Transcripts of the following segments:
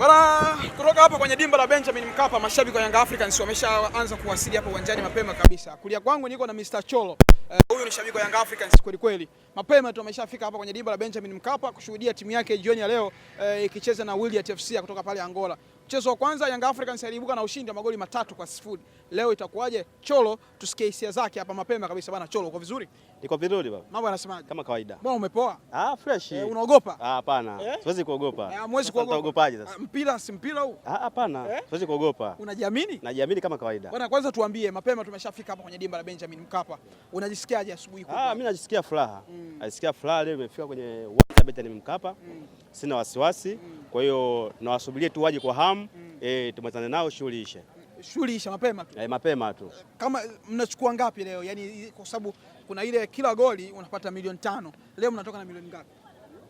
Bana, kutoka hapa kwenye dimba la Benjamin Mkapa, mashabiki wa yanga Africans wameshaanza kuwasili hapa uwanjani mapema kabisa. Kulia kwangu niko na Mr. Cholo. Eh, huyu uh, ni shabiki wa yanga Africans kweli kweli mapema tu ameshafika hapa kwenye dimba la Benjamin Mkapa kushuhudia timu yake jioni ya leo eh, ikicheza e, na Wydad FC kutoka pale Angola. Mchezo wa kwanza Young Africans aliibuka na ushindi wa magoli matatu kwa sifuri. Leo itakuwaje? Cholo, tusikie hisia zake hapa mapema kabisa bana. Cholo, uko vizuri? Niko vizuri baba. Mambo yanasemaje? Kama kawaida. Bwana umepoa? Ah, fresh. E, unaogopa? Ah, hapana. Eh? Siwezi kuogopa. Eh, mwezi kuogopa. Utaogopaje sasa? Ah, mpira si mpira huu? Ah, hapana. Eh? Siwezi kuogopa. Unajiamini? Najiamini kama kawaida. Bwana, kwanza tuambie mapema tumeshafika hapa kwenye dimba la Benjamin Mkapa. Unajisikiaje asubuhi? kwa? Ah, mimi najisikia furaha. Mm mm. alisikia furaha leo imefika kwenye uwanja Benjamin Mkapa mm. sina wasiwasi mm. kwa hiyo nawasubirie tu waje kwa hamu mm. e, eh, tumwezane nao shughuli ishe shughuli ishe mapema tu Eh, mapema tu. Kama mnachukua ngapi leo Yaani kwa sababu kuna ile kila goli unapata milioni tano, leo mnatoka na milioni ngapi?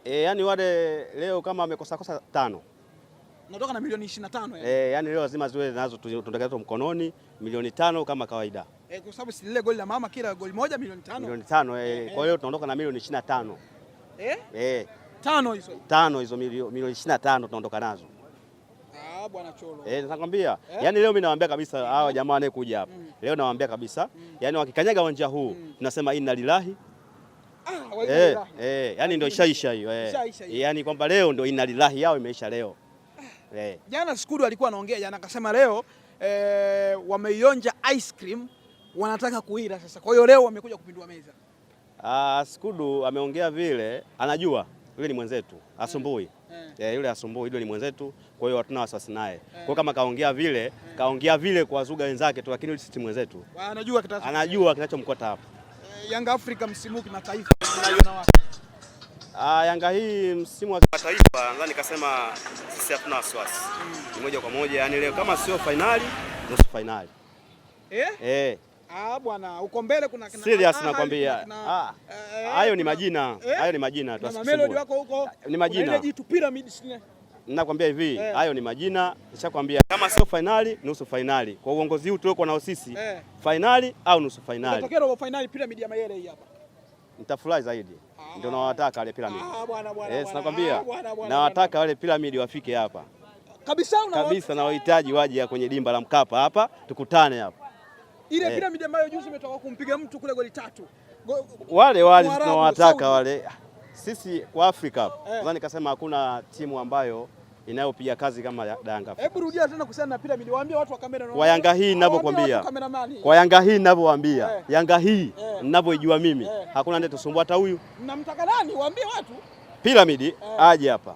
Eh, yani wale leo kama kosa tano Mnatoka na milioni 25 yani. Eh, yani leo lazima ziwe nazo tutakata mkononi milioni tano kama kawaida eh, kwa sababu si lile goli la mama kila goli moja milioni tano. Milioni tano eh, eh. eh. Kwa hiyo tunaondoka na milioni tano. Eh? Eh. Tano hizo. Tano hizo milioni tano tunaondoka nazo. Ah, bwana Cholo. Eh, nakwambia. Eh? Yaani leo mimi nawaambia kabisa mm. hawa yeah. jamaa kuja hapa. Mm. Leo nawaambia kabisa. Mm. Yaani wakikanyaga uwanja huu mm. tunasema inna lillahi Ah, eh, eh, yani ndio ishaisha hiyo eh. Yani kwamba leo ndio inna lillahi yao imeisha leo. Ah. Eh. Jana Sikudu alikuwa anaongea jana akasema leo eh, wameionja ice cream wanataka kuila sasa. Kwa hiyo leo wamekuja kupindua meza. Ah, Skudu ameongea vile, anajua yule ni mwenzetu asumbui eh. yeah. Yule asumbui, yule ni mwenzetu, kwa hiyo hatuna wasiwasi naye eh. Kwa kama kaongea vile eh. Kaongea vile kwa zuga wenzake tu, lakini yule si mwenzetu, ah, anajua anajua kinachomkuta hapa eh, Yanga Afrika msimu kimataifa Ah, Yanga hii msimu wa kimataifa nadhani kasema sisi hatuna wasiwasi mm. moja kwa moja yani leo kama sio fainali nusu finali eh? Eh. Ah bwana, uko mbele kuna kina serious nakwambia. Ah. Eh, eh, hayo ni majina. Hayo ni majina tu. Na Melody wako huko. Ni majina. Ile jitu pyramid sine. Nakwambia hivi, eh. hayo ni majina. Nishakwambia kama sio finali, nusu finali. Kwa uongozi huu tuliokuwa nao sisi, finali au nusu finali. Natokea robo finali pyramid ya Mayele hii hapa. Nitafurahi zaidi. Ah. Ndio nawataka wale pyramid. Ah bwana bwana. Yes, nakwambia. Ah, nawataka wale pyramid wafike hapa. Kabisa unawataka. Kabisa nawahitaji waje kwenye dimba la Mkapa hapa, tukutane hapa ile eh. piramidi eh, ambayo juzi umetoka kumpiga mtu kule goli tatu Go, wale wale tunawataka wale sisi kwa Afrika hey. Eh. kasema hakuna timu ambayo inayopiga kazi kama Yanga. Hebu rudia tena kuhusiana na piramidi, waambie watu wa kamera. na Kwa Yanga hii ninavyokuambia, kwa Yanga hii ninavyowaambia, eh, Yanga hii eh. ninavyoijua mimi eh, Hakuna ndio tusumbua hata huyu. Mnamtaka nani? Waambie watu piramidi eh, Aje hapa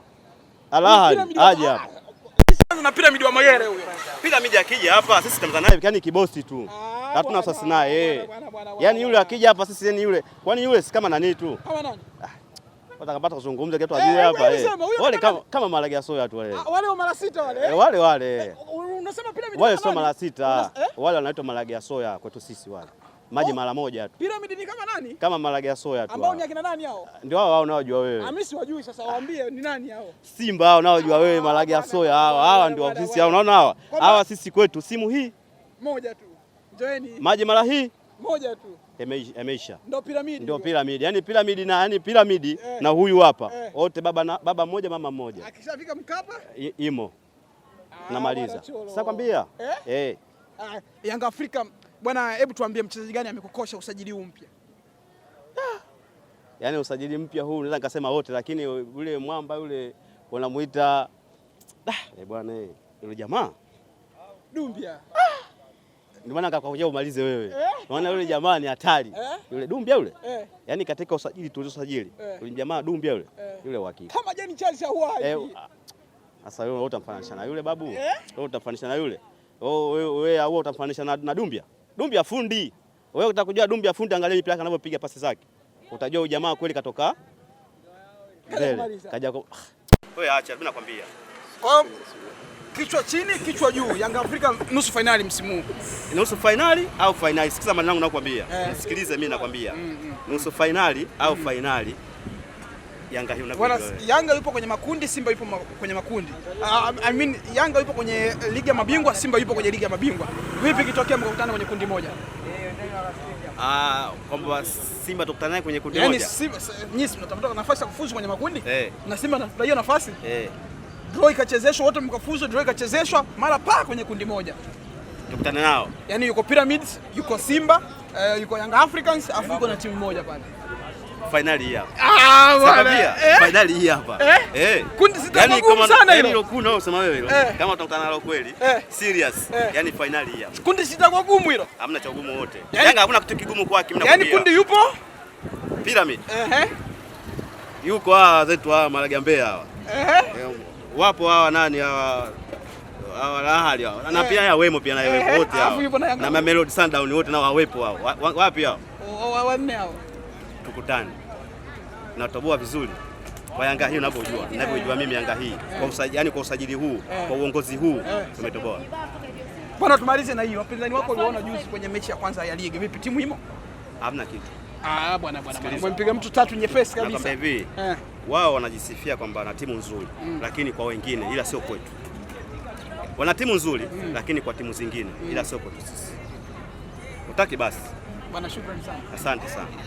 Alahali aje hapa na piramidi wa Magere huyo. Piramidi akija hapa sisi tutamzana naye, kani kibosi tu ah hatuna wasasi naye. Yaani yule akija hapa sisi, yani yule kwani yule si kama nani tu watakapata ah, kuzungumza kitu eh, ajue yaani hapa eh. wale kama, kama maragi ya soya tu wale ah, wale wa mara sita wale eh? wale wale wale unasema sio mara sita wale wanaitwa maragi ya soya kwetu sisi wale maji oh, mara moja tu. Piramidi ni kama nani? Kama maragi ya soya tu. Ambao ni akina nani hao? Ndio hao hao unaojua wewe. Ah, mimi siwajui sasa waambie ni nani hao? Simba hao unaojua wewe ah, maragi ya soya hao. Hawa ndio sisi hao unaona hawa. Hawa sisi kwetu simu hii moja tu. Maji mara hii moja tu yameisha, ndio piramidi, ndio piramidi. Yani piramidi na yani piramidi eh, na huyu hapa eh, wote baba na baba mmoja mama mmoja. Akishafika Mkapa imo ah, namaliza sasa kwambia eh? Eh. Ah, Yanga Afrika bwana, hebu tuambie mchezaji gani amekukosha usajili huu mpya? Ah. Yaani usajili mpya huu naweza nikasema wote, lakini yule mwamba yule unamuita ah, eh, bwana eh, yule jamaa Dumbia ah. Ndio maana akakuja umalize wewe. Eh? Maana yule jamaa ni hatari. Eh? Yule Dumbia yule. Eh. Yaani katika usajili tuliosajili, yule jamaa Dumbia yule. Yule uhakika. Kama Jani Charles huwa hai. Ah, sasa wewe utamfananisha na yule babu? Wewe utamfananisha na yule? Oh, wewe au utamfananisha na Dumbia? Dumbia fundi. Wewe utakujua Dumbia fundi, angalia ile yake anavyopiga pasi zake. Utajua huyu jamaa kweli katoka. Kaja kwa. Ah. Wewe acha, mimi nakwambia. Kwa Kichwa chini, kichwa juu. Yanga Afrika nusu fainali msimu huu. Nusu fainali au fainali? Sikiza maneno yangu nakwambia. Eh. Nisikilize mimi nakwambia. Mm, mm. Nusu fainali au mm, fainali. Yanga hiyo unakwambia. Bwana Yanga yupo kwenye makundi, Simba yupo ma, kwenye makundi. Uh, I mean Yanga yupo kwenye ligi ya mabingwa, Simba yupo kwenye ligi ya mabingwa. Vipi kitokea mkakutana kwenye kundi moja? Ah, kwamba Simba tukutana naye kwenye kundi yaani moja. Yaani Simba nyinyi mnatafuta nafasi ya kufuzu kwenye makundi? Eh. Na Simba anafurahia nafasi? Eh draw ikachezeshwa, wote mkafuzu, draw ikachezeshwa, mara pa kwenye kundi moja tukutana nao, yani yuko Pyramids, yuko Simba, uh, yuko Young Africans afu yuko na timu moja pale finali hii hapa. Ah bwana. Eh? Finali hii hapa. Eh. Eh. Kundi sita yani, magumu sana yaani hilo. Hilo kuna unasema wewe hilo. Eh. Kama utakutana nalo kweli. Eh. Serious. Eh. Yani finali hii hapa. Kundi sita kwa gumu hilo. Hamna cha gumu wote. Yaani- Yanga hakuna kitu kigumu kwake mnakwambia. Yani kundi yupo Pyramid. Eh. Yuko ah zetu ah Maragambea hawa. Eh wapo hawa nani hawa hawa Lahali hawa na eh. pia ya wemo pia na wemo eh, eh, wote hawa na Mamelodi Sundown wote nao hawepo hawa Wapi hawa Wanne hawa Tukutane na toboa vizuri kwa Yanga hii unavyojua, ninavyojua mimi Yanga hii kwa usajili, yani kwa usajili huu, kwa uongozi huu tumetoboa bwana. Tumalize na hiyo, wapinzani wako waliona juzi kwenye mechi ya kwanza ya ligi, vipi timu imo? Hamna kitu. Ah bwana bwana, mpiga mtu tatu nyepesi kabisa. Nakwambia hivi wao wanajisifia kwamba wana timu nzuri mm. lakini kwa wengine, ila sio kwetu. Wana timu nzuri mm. lakini kwa timu zingine, mm. ila sio kwetu sisi. Utaki basi bwana, shukrani sana, asante sana.